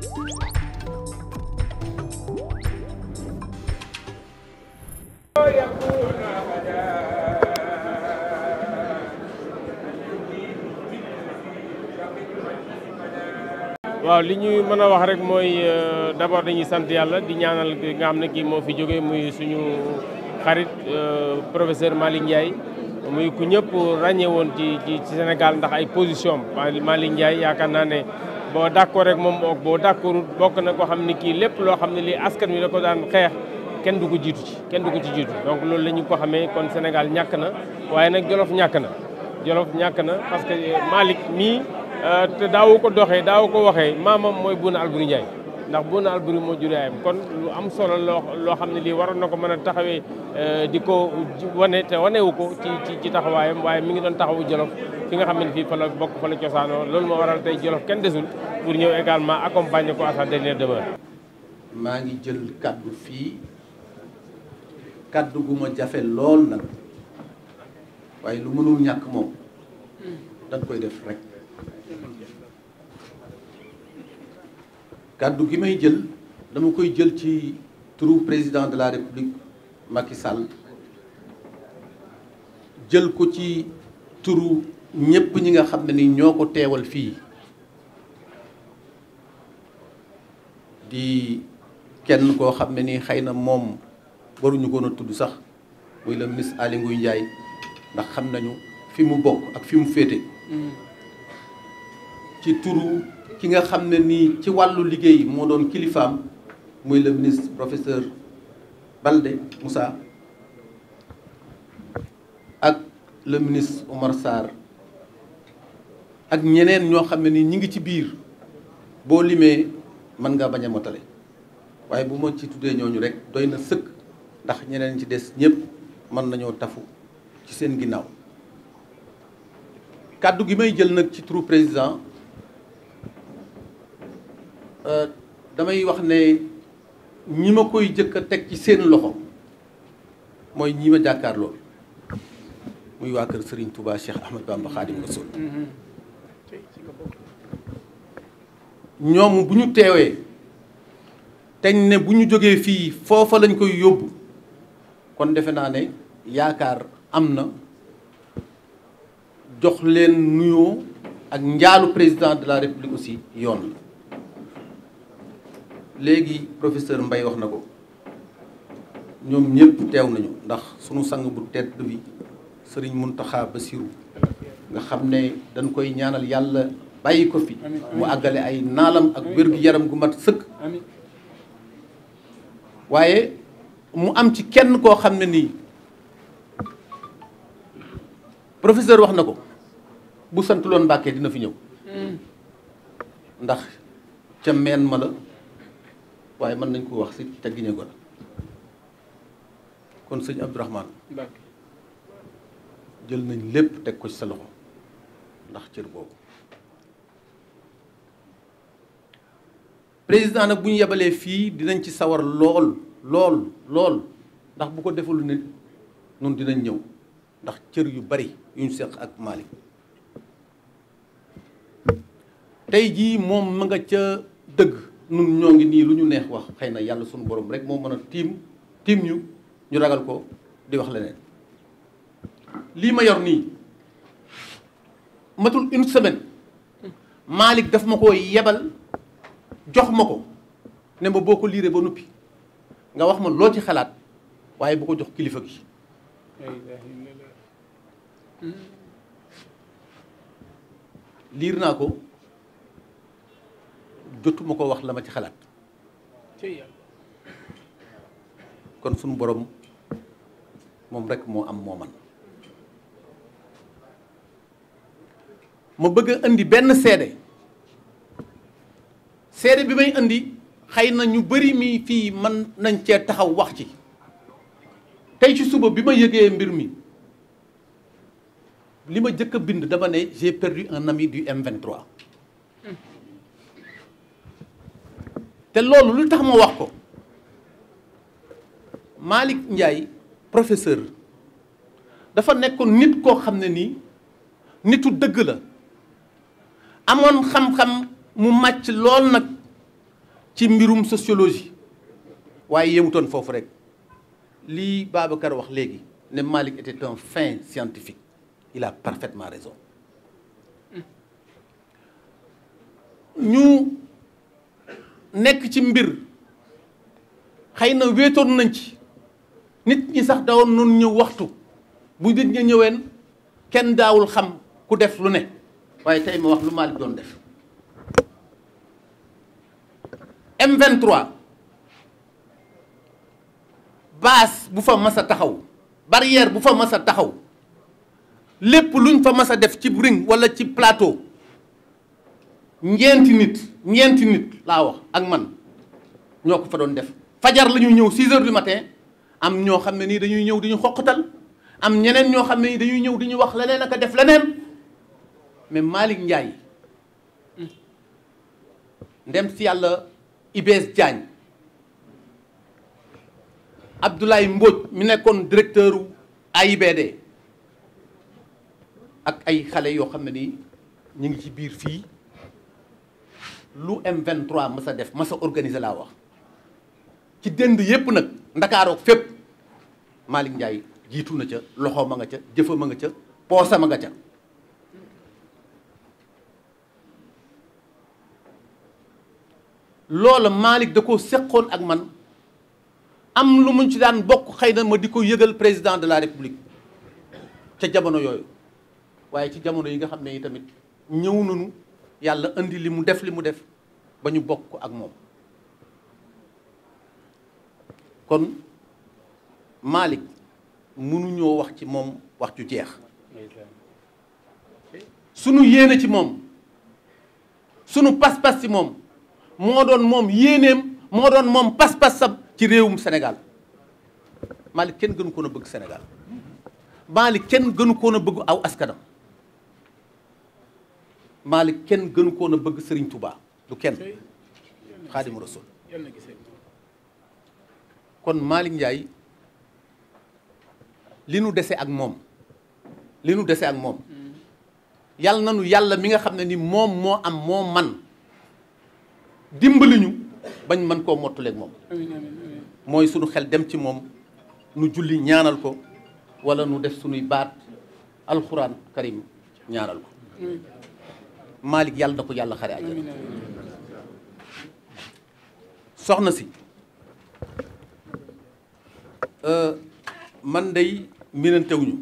waaw li ñuy mën a wax rek mooy euh, d'abord dañuy sant yàlla di ñaanal nga xam ne kii moo fi jógee muy suñu xarit euh, professeur Malick Ndiaye muy ku ñëpp ràññee woon ci ci Sénégal ndax ay position am yaakaar naa ne boo d'accord rek moom ak boo d'accordul bokk na ko xam ni kii lépp loo xam ne lii askan wi da ko daan xeex kenn du ko jiitu ci kenn du ci jiitu donc loolu la ñu ko xamee kon Sénégal ñàkk na waaye nag Jolof ñàkk na Jolof ñàkk na parce que Malick mii euh, te daawu ko doxee daawu ko waxee maamam mooy Bouna Alboury Ndiaye ndax boo naal bëri moo jur yaayam kon lu am solo loo loo xam ne lii waroon na ko mën a taxawee eh, di ko wane te wanewu ko ci ci ci taxawaayam waaye mi ngi doon taxawu Jolof fi nga xam ne fii fa la bokk fa la cosaanoo loolu moo waral tey Jolof kenn desul pour ñëw également accompagner ko à sa dernière demeure. maa ngi jël kaddu fii kaddu gu ma jafe lool nag waaye lu mënul ñàkk moom hmm. da nga koy def rek. kàddu gi may jël dama koy jël ci turu président de la république Macky jël ko ci turu ñépp ñi nga xam ne ni ñoo ko teewal fii di kenn koo xam ne ni xëy na moom waruñu koon a tudd sax muy le ministre Aly Ngouille Ndiaye ndax xam nañu fi mu bokk ak fi mu féete mm. ci turu ki nga xam ne nii ci wàllu liggéey moo doon kilifaam muy le ministre professeur Balde Moussa ak le ministre Omar Sarr ak ñeneen ñoo xam ne ni ñu ngi ci biir boo limee mën nga bañ a motale waaye bu ma ci tuddee ñooñu rek doy na sëkk ndax ñeneen ci des ñëpp mën nañoo tafu ci seen ginnaaw kàddu gi may jël nag ci turu président Euh, damay wax ne ñi ma koy jëkk a teg ci seen loxo mooy ñi ma jàkkaar loolu muy waa kër Serigne Touba Cheikh Ahmad Bamba Khadim Rasoul ñoom bu ñu teewee teñ ne bu ñu jógee fii foofa lañ koy yóbbu kon defe naa ne yaakaar am na jox leen nuyoo ak njaalu président de la république aussi yoon la léegi professeur mbay wax na ko ñoom ñëpp teew nañu ndax sunu sang bu tedd bi sëriñ mun ba Basiru nga xam ne dañ koy ñaanal yàlla bàyyi ko fi mu àggale ay naalam ak wér-gu-yaram gu mat sëkk waaye mu am ci kenn koo xam ne nii professeur wax na ko bu santuloon Mbàkke dina fi ñëw hmm. ndax ca meen ma la waaye mën nañ koo wax si teggine gone kon sëñ Abdourahman jël nañ lépp teg ko ci sa loxo ndax cër boobu président nag bu ñu yebalee fii dinañ ci sawar lool lool lool ndax bu ko deful nit noonu dinañ ñëw ndax cër yu bari yu ñu seq ak Malick tey jii moom ma nga ca dëgg nun ñoo ngi nii lu ñu neex wax xëy na yàlla suñu boroom rek moo mën a tiim tiim ñu ñu ragal ko di wax leneen lii ma yor nii matul une semaine Malick daf ma ko yebal jox ma ko ne ma boo ko liiree ba noppi nga wax ma loo ci xalaat waaye bu ko jox kilifa gi liir naa ko jotuma ko wax la ma ci xalaat kon sunu boroom moom rek moo am moo man ma bëgg a indi benn seede seede bi may indi xëy na ñu bari mii fii man nañ cee taxaw wax ci tey ci suba bi ma yëgee mbir mi li ma jëkk bind dama ne j'ai perdu un nami du M23. te loolu lu tax ma wax ko Malick Ndiaye professeur dafa nekkoon nit koo xam ne nii nitu dëgg la amoon xam-xam mu màcc lool nag ci mbirum sociologie waaye yemutoon foofu rek lii Babacar wax léegi ne Malick était un fin scientifique il a parfaitement raison ñu nekk ci mbir xëy na wéetoon nañ ci nit ñi sax dawoon nun ñëw waxtu bu nit ñi ñëween kenn daawul xam ku def lu ne waaye tey ma wax lu Malick doon def M23 base bu fa mas a taxaw barrière bu fa mas a taxaw lépp luñ fa mas a def ci ring walla ci plateau ñeenti nit ñeenti nit laa wax ak man ñoo ko fa doon def fajar la ñuy ñëw 6 heures du matin am ñoo xam ne nii dañuy ñëw dañu ñu am ñeneen ñoo xam ne nii dañuy ñëw di wax leneen ak def leneen mais Malick Ndiaye ndem si yàlla Ibès Diagne Abdoulaye Mbodj mi nekkoon directeur u AIBD ak ay xale yoo xam ne nii ñu ngi ci biir fii lu M23 mës a def mës a organiser laa wax ci dënd yépp nag ndakaarook fépp Malick Ndiaye jiitu na ca loxo ma nga ca jëfa ma nga ca poosa sama nga ca loola Malick da ko seqoon ak man am lu mu ci daan bokk xëy na ma di ko yëgal président de la république ca jamono yooyu waaye ci jamono yi nga xam ne yi tamit ñëw nañu yàlla indi li mu def li mu def ba ñu bokk ak moom kon Malick mënuñoo wax ci moom wax ju jeex sunu yéene ci moom sunu pas-pas ci moom moo doon moom yéeneem moo doon moom pas-pasam ci réewum senegal Malick kenn gënu koon a bëgg senegal Malick kenn gënu koon a bëgg aw askanam Malick kenn gënu koon a bëgg Serigne Touba du kenn xaadimu rasul kon Malick njaay li nu dese ak moom li nu dese ak moom mm. yàlla na nu yàlla mi nga xam ne ni moom moo am moo man dimbali ñu bañ mën koo mottuleeg moom mooy sunu xel dem ci moom nu julli ñaanal ko walla nu def sunuy baat alxuraan karim ñaanal ko Malick yàlla na ko yàlla xare àjjana soxna si euh, man dey minantewuñu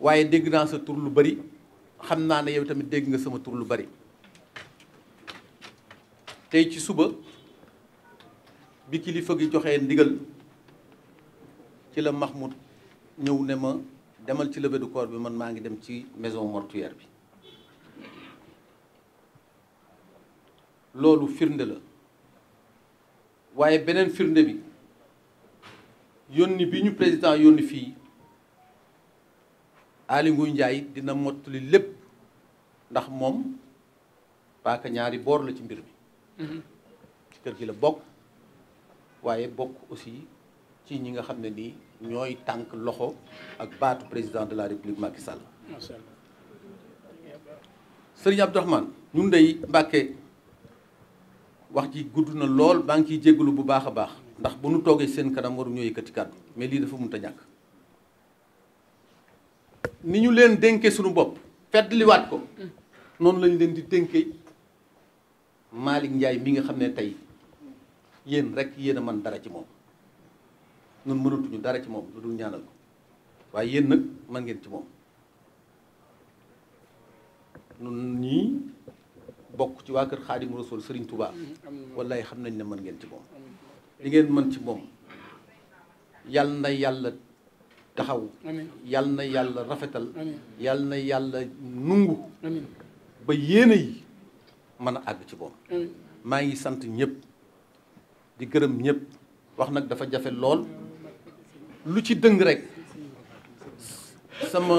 waaye dégg naa sa tur lu bari xam naa ne yow tamit dégg nga sama tur lu bari tey ci suba bi kilifa gi joxe ndigal ci la Mahmoud ñëw ne ma demal ci levée du corps bi man maa ngi dem ci maison mortuaire bi loolu firnde la waaye beneen firnde bi yónni bi ñu président yónni fii Aly njaay dina mottali lépp ndax moom paaka ñaari boor la ci mbir mi mhm. ci kër gi la bokk waaye bokk aussi ci ñi nga xam ne nii ñooy tànk loxo ak baatu président de la république Macky Sall. macha allah. sëriñ Abdourahmane ñun day wax ji gudd na lool baa ngi ciy jéggalu bu baax a baax ndax bu nu toogee seen kanam waru ñoo yëkkati kàddu mais lii dafa mënut a ñàkk ni ñu leen dénkee suñu bopp feddliwaat ko noonu lañu leen di dënkee Malick njaay mi nga xam ne tey yéen rek yéen a mën dara ci moom ñun mënatuñu dara ci moom lu dul ñaanal ko waaye yéen nag man ngeen ci moom ñun ñii bokk ci waa kër xaadimu rasul sëriñ Touba mm-hmm. wallaay xam nañ ne mën ngeen ci moom li ngeen mën ci moom yal na yàlla taxaw yal na yàlla rafetal yal na yàlla nungu ba yéene yi mën a àgg ci moom maa ngi sant ñëpp di gërëm ñépp wax nag dafa jafe lool lu ci dëng rekk sama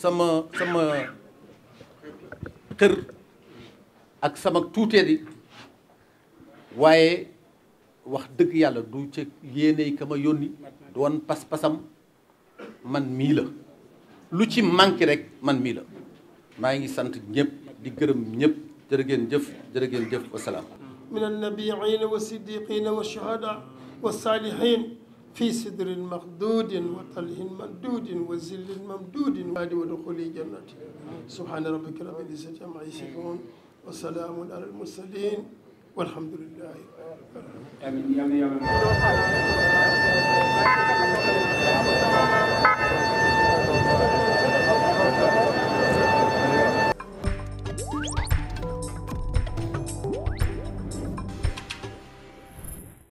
sama sama xër ak sama tuutee di waaye wax dëgg yàlla du ca yéeney ka ma yónni doon pas-pasam man mii la lu ci manqué rek man mii la maa ngi sant ñëpp di gërëm ñëpp jërë jëf jërë jëf wasalaam min annabiina wa siddiqina wa shuhada wa saalihin fi sidrin maxdudin wa talhin mamdudin wa zillin mamdudin waadi wa duxuli jannati subhaana rabbika rabbil izzati amma yasifun wa salaamun ala almursalin walhamdulillahi amin yàlla yàlla